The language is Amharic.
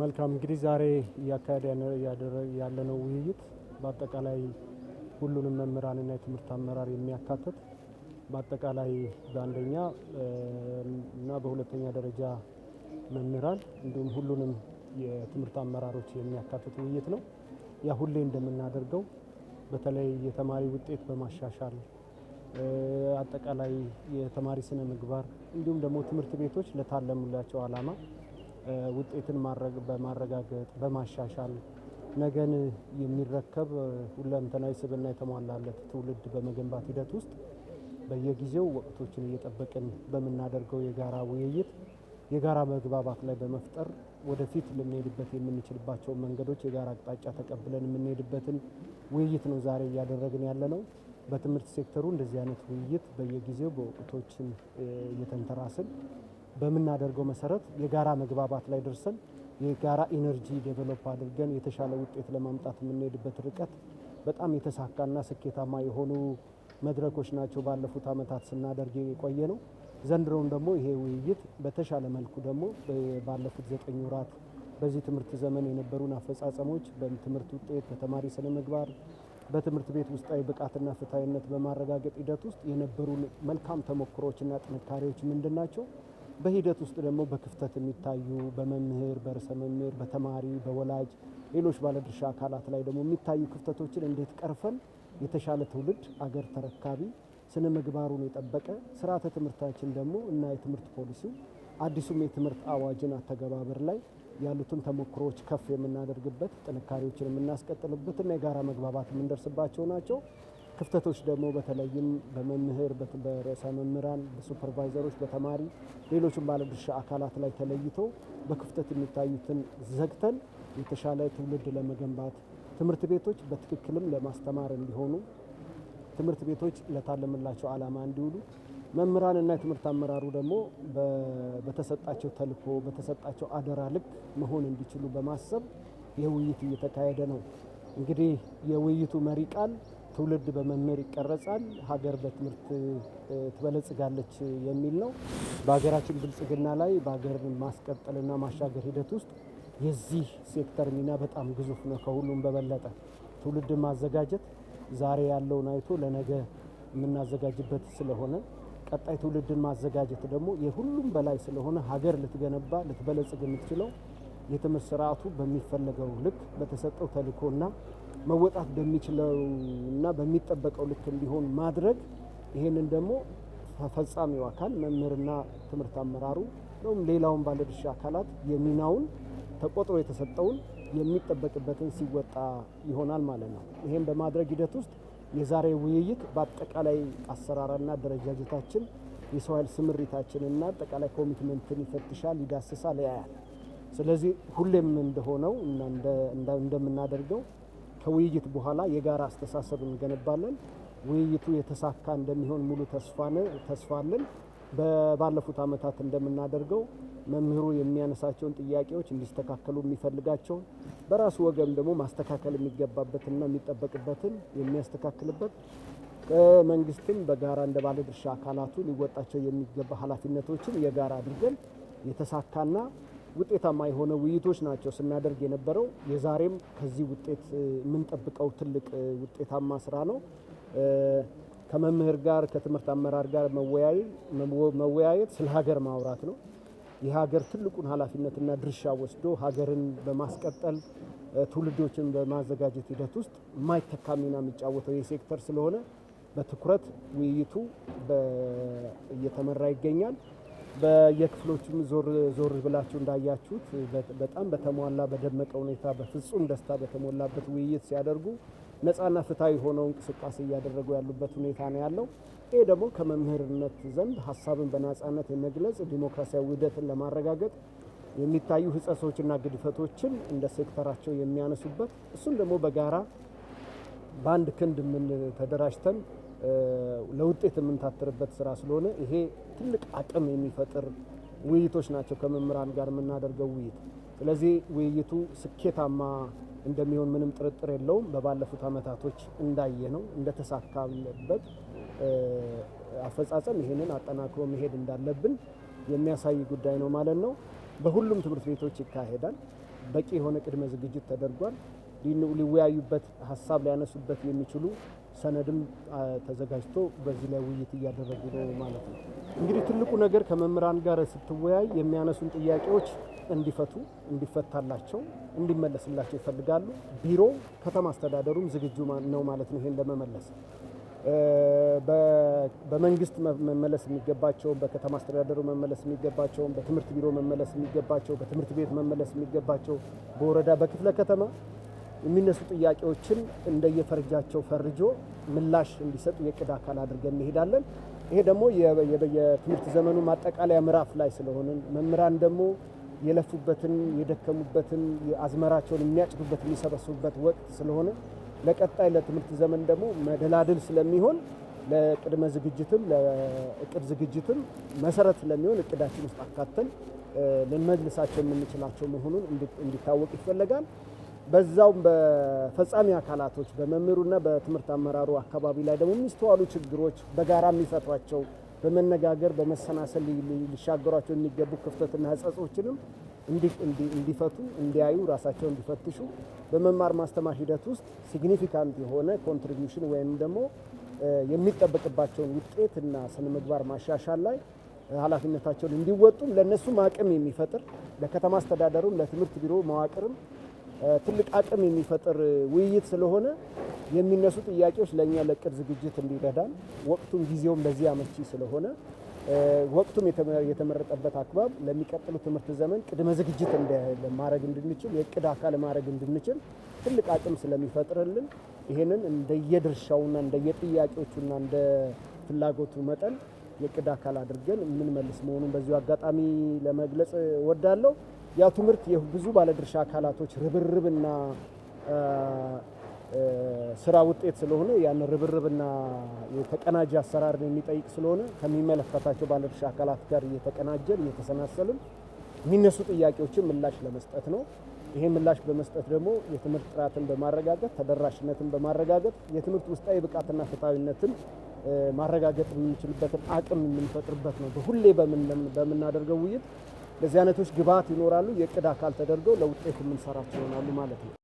መልካም እንግዲህ ዛሬ እያካሄደ ያለነው ውይይት በአጠቃላይ ሁሉንም መምህራንና የትምህርት አመራር የሚያካትት በአጠቃላይ በአንደኛ እና በሁለተኛ ደረጃ መምህራን እንዲሁም ሁሉንም የትምህርት አመራሮች የሚያካትት ውይይት ነው። ያ ሁሌ እንደምናደርገው በተለይ የተማሪ ውጤት በማሻሻል አጠቃላይ የተማሪ ስነ ምግባር እንዲሁም ደግሞ ትምህርት ቤቶች ለታለሙላቸው ዓላማ ውጤትን በማረጋገጥ በማሻሻል ነገን የሚረከብ ሁለንተናዊ ስብና የተሟላለት ትውልድ በመገንባት ሂደት ውስጥ በየጊዜው ወቅቶችን እየጠበቅን በምናደርገው የጋራ ውይይት የጋራ መግባባት ላይ በመፍጠር ወደፊት ልንሄድበት የምንችልባቸውን መንገዶች የጋራ አቅጣጫ ተቀብለን የምንሄድበትን ውይይት ነው ዛሬ እያደረግን ያለ ነው። በትምህርት ሴክተሩ እንደዚህ አይነት ውይይት በየጊዜው በወቅቶችን እየተንተራስን በምናደርገው መሰረት የጋራ መግባባት ላይ ደርሰን የጋራ ኢነርጂ ዴቨሎፕ አድርገን የተሻለ ውጤት ለማምጣት የምንሄድበት ርቀት በጣም የተሳካና ስኬታማ የሆኑ መድረኮች ናቸው ባለፉት ዓመታት ስናደርግ የቆየ ነው። ዘንድሮም ደግሞ ይሄ ውይይት በተሻለ መልኩ ደግሞ ባለፉት ዘጠኝ ወራት በዚህ ትምህርት ዘመን የነበሩን አፈጻጸሞች በትምህርት ውጤት፣ በተማሪ ስነ ምግባር፣ በትምህርት ቤት ውስጣዊ ብቃትና ፍትሐዊነት በማረጋገጥ ሂደት ውስጥ የነበሩን መልካም ተሞክሮችና ጥንካሬዎች ምንድን ናቸው? በሂደት ውስጥ ደግሞ በክፍተት የሚታዩ በመምህር በርዕሰ መምህር በተማሪ በወላጅ ሌሎች ባለድርሻ አካላት ላይ ደግሞ የሚታዩ ክፍተቶችን እንዴት ቀርፈን የተሻለ ትውልድ አገር ተረካቢ ስነ ምግባሩን የጠበቀ ስርዓተ ትምህርታችን ደግሞ እና የትምህርት ፖሊሲው አዲሱም የትምህርት አዋጅን አተገባበር ላይ ያሉትን ተሞክሮዎች ከፍ የምናደርግበት ጥንካሬዎችን የምናስቀጥልበት እና የጋራ መግባባት የምንደርስባቸው ናቸው። ክፍተቶች ደግሞ በተለይም በመምህር በርዕሰ መምህራን፣ በሱፐርቫይዘሮች፣ በተማሪ ሌሎችም ባለድርሻ አካላት ላይ ተለይቶ በክፍተት የሚታዩትን ዘግተን የተሻለ ትውልድ ለመገንባት ትምህርት ቤቶች በትክክልም ለማስተማር እንዲሆኑ ትምህርት ቤቶች ለታለምላቸው ዓላማ እንዲውሉ መምህራን እና የትምህርት አመራሩ ደግሞ በተሰጣቸው ተልእኮ በተሰጣቸው አደራ ልክ መሆን እንዲችሉ በማሰብ ይህ ውይይት እየተካሄደ ነው። እንግዲህ የውይይቱ መሪ ቃል ትውልድ በመምህር ይቀረጻል፣ ሀገር በትምህርት ትበለጽጋለች የሚል ነው። በሀገራችን ብልጽግና ላይ በሀገር ማስቀጠልና ማሻገር ሂደት ውስጥ የዚህ ሴክተር ሚና በጣም ግዙፍ ነው። ከሁሉም በበለጠ ትውልድን ማዘጋጀት ዛሬ ያለውን አይቶ ለነገ የምናዘጋጅበት ስለሆነ ቀጣይ ትውልድን ማዘጋጀት ደግሞ የሁሉም በላይ ስለሆነ ሀገር ልትገነባ ልትበለጽግ የምትችለው የትምህርት ስርዓቱ በሚፈለገው ልክ በተሰጠው ተልእኮና መወጣት በሚችለው እና በሚጠበቀው ልክ እንዲሆን ማድረግ ይሄንን ደግሞ ተፈጻሚው አካል መምህርና ትምህርት አመራሩ እንዲሁም ሌላውን ባለድርሻ አካላት የሚናውን ተቆጥሮ የተሰጠውን የሚጠበቅበትን ሲወጣ ይሆናል ማለት ነው። ይህም በማድረግ ሂደት ውስጥ የዛሬ ውይይት በአጠቃላይ አሰራርና አደረጃጀታችን የሰው ኃይል ስምሪታችንና አጠቃላይ ኮሚትመንትን ይፈትሻል፣ ይዳስሳል፣ ያያል። ስለዚህ ሁሌም እንደሆነው እንደምናደርገው ከውይይት በኋላ የጋራ አስተሳሰብ እንገነባለን። ውይይቱ የተሳካ እንደሚሆን ሙሉ ተስፋለን ባለፉት ዓመታት እንደምናደርገው መምህሩ የሚያነሳቸውን ጥያቄዎች እንዲስተካከሉ የሚፈልጋቸውን በራሱ ወገን ደግሞ ማስተካከል የሚገባበትና የሚጠበቅበትን የሚያስተካክልበት መንግስትም በጋራ እንደ ባለድርሻ አካላቱ ሊወጣቸው የሚገባ ኃላፊነቶችን የጋራ አድርገን የተሳካና ውጤታማ የሆነ ውይይቶች ናቸው ስናደርግ የነበረው። የዛሬም ከዚህ ውጤት የምንጠብቀው ትልቅ ውጤታማ ስራ ነው። ከመምህር ጋር ከትምህርት አመራር ጋር መወያየት ስለ ሀገር ማውራት ነው። የሀገር ትልቁን ኃላፊነትና ድርሻ ወስዶ ሀገርን በማስቀጠል ትውልዶችን በማዘጋጀት ሂደት ውስጥ የማይተካ ሚና የሚጫወተው የሴክተር ስለሆነ በትኩረት ውይይቱ እየተመራ ይገኛል። በየክፍሎቹም ዞር ዞር ብላችሁ እንዳያችሁት በጣም በተሟላ በደመቀ ሁኔታ በፍጹም ደስታ በተሞላበት ውይይት ሲያደርጉ ነፃና ፍትሐዊ ሆነው እንቅስቃሴ እያደረጉ ያሉበት ሁኔታ ነው ያለው። ይሄ ደግሞ ከመምህርነት ዘንድ ሀሳብን በነፃነት የመግለጽ ዲሞክራሲያዊ ውህደትን ለማረጋገጥ የሚታዩ ሕጸሶችና ግድፈቶችን እንደ ሴክተራቸው የሚያነሱበት እሱም ደግሞ በጋራ በአንድ ክንድ ምን ተደራጅተን ለውጤት የምንታትርበት ስራ ስለሆነ ይሄ ትልቅ አቅም የሚፈጥር ውይይቶች ናቸው ከመምህራን ጋር የምናደርገው ውይይት። ስለዚህ ውይይቱ ስኬታማ እንደሚሆን ምንም ጥርጥር የለውም። በባለፉት አመታቶች እንዳየ ነው እንደተሳካበት አፈጻጸም ይሄንን አጠናክሮ መሄድ እንዳለብን የሚያሳይ ጉዳይ ነው ማለት ነው። በሁሉም ትምህርት ቤቶች ይካሄዳል። በቂ የሆነ ቅድመ ዝግጅት ተደርጓል። ሊወያዩበት ሀሳብ ሊያነሱበት የሚችሉ ሰነድም ተዘጋጅቶ በዚህ ላይ ውይይት እያደረጉ ነው ማለት ነው። እንግዲህ ትልቁ ነገር ከመምህራን ጋር ስትወያይ የሚያነሱን ጥያቄዎች እንዲፈቱ እንዲፈታላቸው እንዲመለስላቸው ይፈልጋሉ። ቢሮ ከተማ አስተዳደሩም ዝግጁ ነው ማለት ነው ይሄን ለመመለስ በመንግስት መመለስ የሚገባቸውን በከተማ አስተዳደሩ መመለስ የሚገባቸውን በትምህርት ቢሮ መመለስ የሚገባቸው በትምህርት ቤት መመለስ የሚገባቸው በወረዳ በክፍለ ከተማ የሚነሱ ጥያቄዎችን እንደየፈርጃቸው ፈርጆ ምላሽ እንዲሰጡ የቅድ አካል አድርገን እንሄዳለን። ይሄ ደግሞ የትምህርት ዘመኑ ማጠቃለያ ምዕራፍ ላይ ስለሆንን መምህራን ደግሞ የለፉበትን የደከሙበትን አዝመራቸውን የሚያጭዱበት የሚሰበስቡበት ወቅት ስለሆነ ለቀጣይ ለትምህርት ዘመን ደግሞ መደላድል ስለሚሆን ለቅድመ ዝግጅትም ለእቅድ ዝግጅትም መሰረት ስለሚሆን እቅዳችን ውስጥ አካተን ልንመልሳቸው የምንችላቸው መሆኑን እንዲታወቅ ይፈለጋል። በዛውም በፈጻሚ አካላቶች በመምህሩና በትምህርት አመራሩ አካባቢ ላይ ደግሞ የሚስተዋሉ ችግሮች በጋራ የሚፈቷቸው በመነጋገር በመሰናሰል ሊሻገሯቸው የሚገቡ ክፍተትና ህጸጾችንም እንዲፈቱ እንዲያዩ ራሳቸው እንዲፈትሹ በመማር ማስተማር ሂደት ውስጥ ሲግኒፊካንት የሆነ ኮንትሪቢሽን ወይም ደግሞ የሚጠበቅባቸውን ውጤትና ስነ ምግባር ማሻሻል ላይ ኃላፊነታቸውን እንዲወጡም ለእነሱም አቅም የሚፈጥር ለከተማ አስተዳደሩም ለትምህርት ቢሮ መዋቅርም ትልቅ አቅም የሚፈጥር ውይይት ስለሆነ የሚነሱ ጥያቄዎች ለእኛ ለቅድ ዝግጅት እንዲረዳን ወቅቱም ጊዜውም ለዚህ አመቺ ስለሆነ ወቅቱም የተመረጠበት አግባብ ለሚቀጥሉ ትምህርት ዘመን ቅድመ ዝግጅት ማድረግ እንድንችል የቅድ አካል ማድረግ እንድንችል ትልቅ አቅም ስለሚፈጥርልን ይህንን እንደየድርሻውና እንደየጥያቄዎቹና እንደ ፍላጎቱ መጠን የቅድ አካል አድርገን የምንመልስ መሆኑን በዚሁ አጋጣሚ ለመግለጽ እወዳለሁ። ያ ትምህርት የብዙ ባለድርሻ አካላቶች ርብርብና ስራ ውጤት ስለሆነ ያን ርብርብና የተቀናጀ አሰራር የሚጠይቅ ስለሆነ ከሚመለከታቸው ባለድርሻ አካላት ጋር እየተቀናጀን እየተሰናሰልን የሚነሱ ጥያቄዎችን ምላሽ ለመስጠት ነው። ይሄ ምላሽ በመስጠት ደግሞ የትምህርት ጥራትን በማረጋገጥ ተደራሽነትን በማረጋገጥ የትምህርት ውስጣዊ ብቃትና ፍትሐዊነትን ማረጋገጥ የምንችልበትን አቅም የምንፈጥርበት ነው። በሁሌ በምናደርገው ውይይት እንደዚህ አይነቶች ግብዓት ይኖራሉ። የእቅድ አካል ተደርገው ለውጤት የምንሰራቸው ይሆናሉ ማለት ነው።